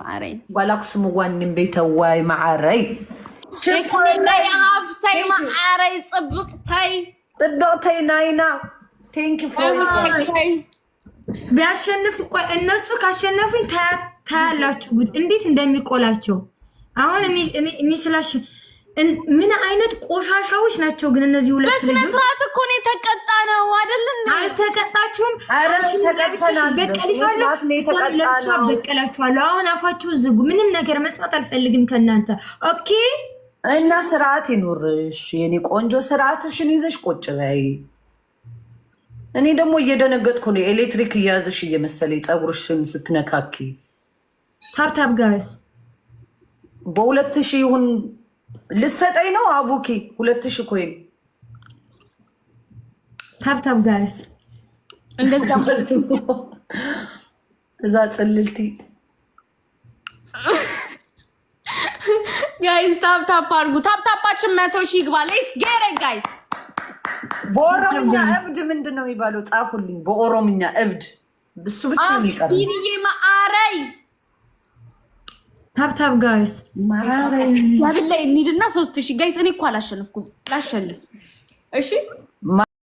ማረኝ ዋላኩስም ዋንም ቤተዋይ ማዓረይ ችኮለይ ሃብተይ ማዓረይ ፅብቕተይ ፅብቕተይ ናይና ቴንኪ ቢያሸንፍ እነሱ ካሸነፉኝ ታያላችሁ ጉድ እንዴት እንደሚቆላቸው አሁን እኔ ስላሽ ምን አይነት ቆሻሻዎች ናቸው ግን እነዚህ ሁለት በስነ ስርዓት እኮ ነው የተቀጣ ነው አይደል? አልተቀጣ ሁላችሁም በቀላችኋለሁ። አሁን አፋችሁን ዝጉ። ምንም ነገር መስማት አልፈልግም ከእናንተ ኦኬ። እና ስርዓት ይኑርሽ የኔ ቆንጆ፣ ስርዓትሽን ይዘሽ ቁጭ በይ። እኔ ደግሞ እየደነገጥኩ ነው። ኤሌክትሪክ እያያዝሽ እየመሰለኝ ፀጉርሽን ስትነካኪ ታብታብ ጋስ በሁለት ሺህ ይሁን ልትሰጠኝ ነው አቡኪ ሁለት ሺህ ኮይን ታብታብ ጋስ እንደዛ እዛ ጽልልቲ ጋይስ ታፕታፕ አድርጉ። ታፕታፓችን መቶ ሺህ ይግባ። ሌስ ጌረ ጋይስ በኦሮምኛ እብድ ምንድን ነው የሚባለው? ጻፉልኝ። በኦሮምኛ እብድ እሱ ብቻ ነው ይቀር። ይህዬ ማአረይ ታፕታፕ ጋይስ ያብላይ እንሂድና ሶስት ሺህ ጋይስ። እኔ እኮ አላሸንፍኩም። ላሸንፍ እሺ